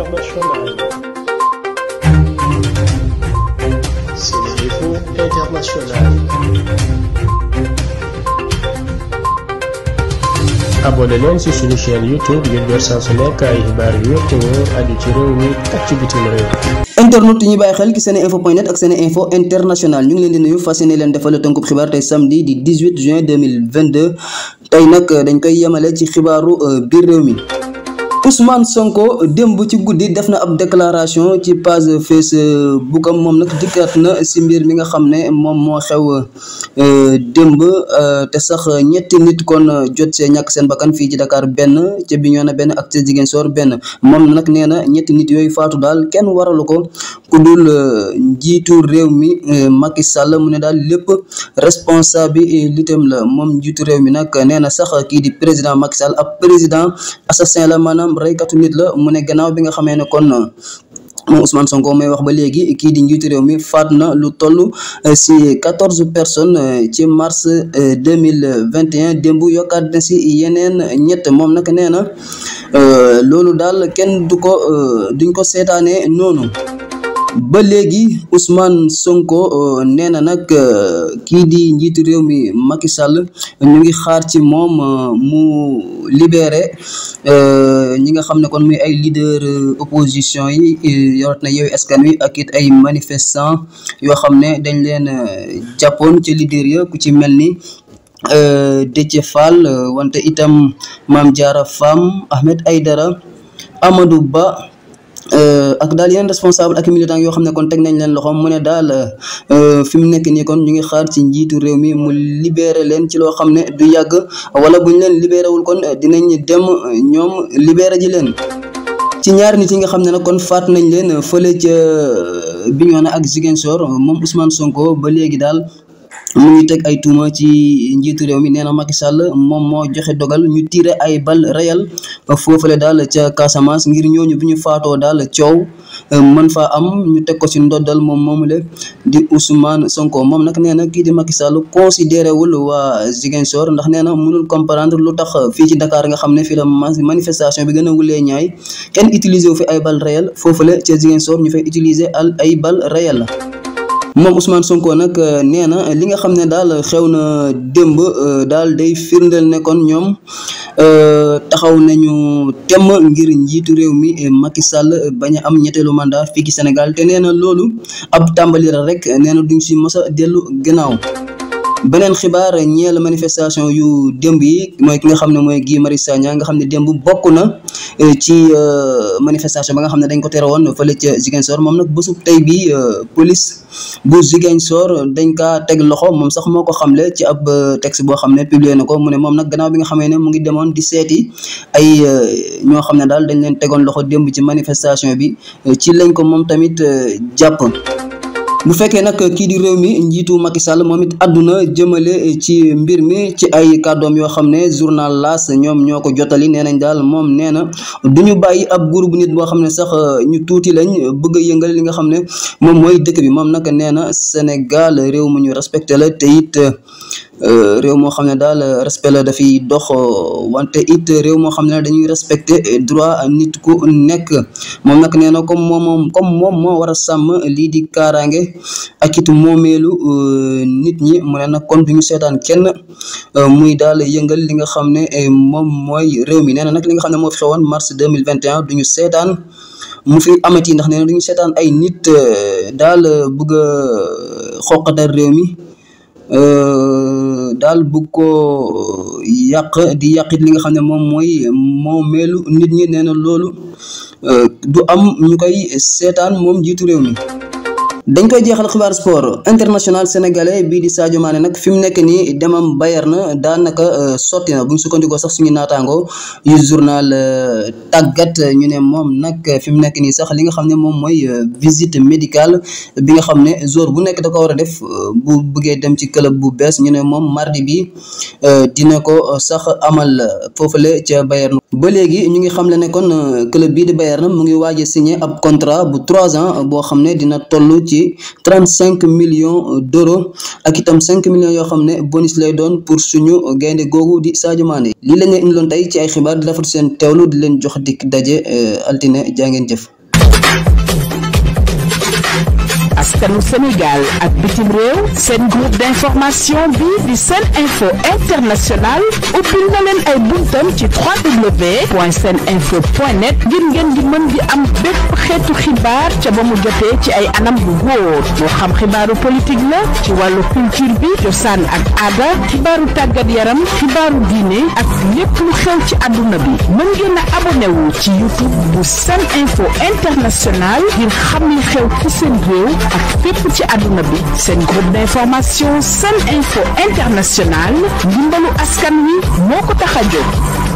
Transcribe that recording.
internationale. Sénéinfo International. abonné leen ci suñu chaîne YouTube ngir jot saa te wóor ci réew mi ak ci bitim réew. internet xel ci sene info point info international ñu ngi leen di nuyu fas yéene leen defal tënkub xibaar tey samedi di 18 juin 2022 tey nag dañ koy yemale ci xibaaru euh, biir réew mi. Ousmane Sonko démb ci guddi def na ab déclaration ci page Facebook am moom nag dikkaat na si mbir mi nga xam ne moom moo xew euh, démb euh, te sax ñetti nit kon jot see ñàkk seen bakkan fii ci Dakar benn ca Bignona benn ak jigéen Ziguinchor benn moom nag nee na ñetti nit yooyu faatu daal kenn waralu ko ku euh, njiitu réew mi Macky Sall mu ne daal lépp responsabilité am la moom njiitu réew mi nag nee na sax kii di président Macky Sall ab président assassin la maanaam maanaam reykatu nit la mu ne gannaaw bi nga xamee ne kon moom Ousmane Sonko may wax ba léegi kii di njiitu réew mi faat na lu toll euh, si quatorze personnes euh, ci mars euh, deux mille vingt et un démb yokkaat na si yeneen ñett moom nag nee na loolu daal kenn du ko duñ ko seetaanee noonu. ba léegi Ousmane Sonko euh, nee na nag euh, kii di njiitu réew mi Macky Sall ñu ngi xaar ci moom euh, mu libéré ñi nga xam ne kon muy ay leader opposition yi yorat na Yewwi Askan Wi ak it ay manifestant yoo xam ne dañ leen jàppoon ci leader ya ku ci mel ni Déthié Fall wante itam Mame jaara Fam Ahmed Aïdara Amadou Ba Euh, ak daal yeneen responsable ak militant yoo xam ne kon teg nañ leen loxo mu ne daal euh, fi mu nekk nii kon ñu ngi xaar ci njiitu réew mi mu libéré leen ci loo xam ne du yàgg wala buñ leen libéré wul kon dinañ dem ñoom libéré ji leen. ci ñaar nit yi nga xam ne nag kon faat nañ leen fële ca euh, Bignona ak Ziguinchor moom Ousmane Sonko ba léegi daal. mu ngi teg ay tuuma ci njiitu réew mi nee na Macky Sall moom moo joxe dogal ñu tiire ay bal réel foofale daal ca Casamance ngir ñooñu bu ñu faatoo daal coow euh, mën faa am ñu teg ko ci ndoddal moom moomu le di Ousmane Sonko moom nag nee na kii di Macky Sall considéré wul waa Ziguinchor ndax nee na mënul comprendre lu tax fii ci Dakar nga xam ne fii la manifestation bi gën a wulee kenn utiliser wu fi ay bal réel foofale ca Ziguinchor ñu fay utiliser al ay bal réel moom Ousmane Sonko nag euh, nee na li nga xam ne daal xew na démb euh, daal day firndeel ne kon ñoom euh, taxaw nañu temm ngir njiitu réew mi Macky sàll bañ am ñetteelu mandat fii ci Sénégal te nee na loolu ab tàmbali la rek nee na duñ si mos a dellu gannaaw. beneen xibaar ñeel manifestation yu démb yi mooy ki nga xam ne mooy Guy Marius Sagna nga xam ne démb bokk na euh, ci euh, manifestation ba nga xam ne dañ ko tere woon fële ca Ziguinchor moom nag bésub tey bi euh, police bu Ziguinchor dañ kaa teg loxo moom sax moo ko xam xamle ci ab texte boo xam ne publié na ko mu ne moom nag gannaaw bi nga xamee ne mu ngi demoon di seeti ay ñoo xam ne daal dañ leen tegoon loxo démb ci manifestation bi ci lañ ko moom tamit jàpp bu fekkee nag kii di réew mi njiitu Macky Sall moom it àdduna jëmale ci mbir mi ci ay kàddoom yoo xam ne journal L'As ñoom ñoo ko jottali nee nañ daal moom nee na du ñu bàyyi ab groupe nit boo xam ne sax ñu tuuti lañ bëgg a yëngal li nga xam ne moom mooy dëkk bi moom nag nee na Sénégal réew mu ñu respecté la te it Euh, réew moo xam ne daal euh, respect la dafiy dox euh, wante it réew moo xam ne dañuy respecté droit nit ku nekk moom nag nee na comme moom comme moom moo war a sàmm lii di kaaraange ak it moomeelu nit ñi mu ne nag kon duñu seetaan kenn muy daal yëngal li nga xam ne moom mooy réew mi nee na nag li nga xam ne moo fi xewoon mars deux mille vingt duñu seetaan mu fi amati ndax nee na ñu seetaan ay nit daal bëgg a xoqatal réew mi daal bug ko euh, yàq di yàqit li nga xam ne moom mooy moo meelu nit ñi nee na loolu euh, du am ñu koy seetaan moom jiitu réew mi dañ koy jeexal xibaar sport international sénégalais bii di Sadio Mané nag fi mu nekk nii demam Bayern daanaka euh, sotti na bu ñu sukkandikoo sax suñu naataango yu journal euh, tàggat ñu ne moom nag fi mu nekk nii sax li nga xam ne moom mooy euh, visite médical bi nga xam ne jour bu nekk da ko war a def bu buggee dem ci club bu bees ñu ne moom mardi bi dina ko sax amal foofu foofule ca Bayern ba léegi ñu ngi xamle ne kon euh, club bii di Bayern mu ngi waaj a ab contrat bu trois ans euh, boo xam ne dina toll ci trente cinq millions euh, d'euros ak itam cinq millions yoo xam ne bonis lay doon pour suñu gaynde googu di Sadio Mané lii la ñu loon tey ci ay xibaar di rafetlu seen teewlu di leen jox dikk daje altine jaa ngeen jëf. askanu Sénégal ak bitim réew seen groupe d'information bi di seen info international ubbil na leen ay buntam ci ngir ngeen di mën di am bépp xeetu xibaar ca ba mu jotee ci ay anam bu wóor moo xam xibaaru politique la ci wàllu culture bi cosaan ak aada xibaaru tàggat yaram xibaaru diine ak lépp lu xew ci àdduna bi mën ngeen a ci YouTube bu seen info international ngir xam li xew ci seen réew ak pépp ci àdduna bi seen groupe d'information seen info international ndimbalu askan wi moo ko tax